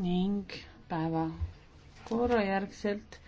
ning päevakorra järgselt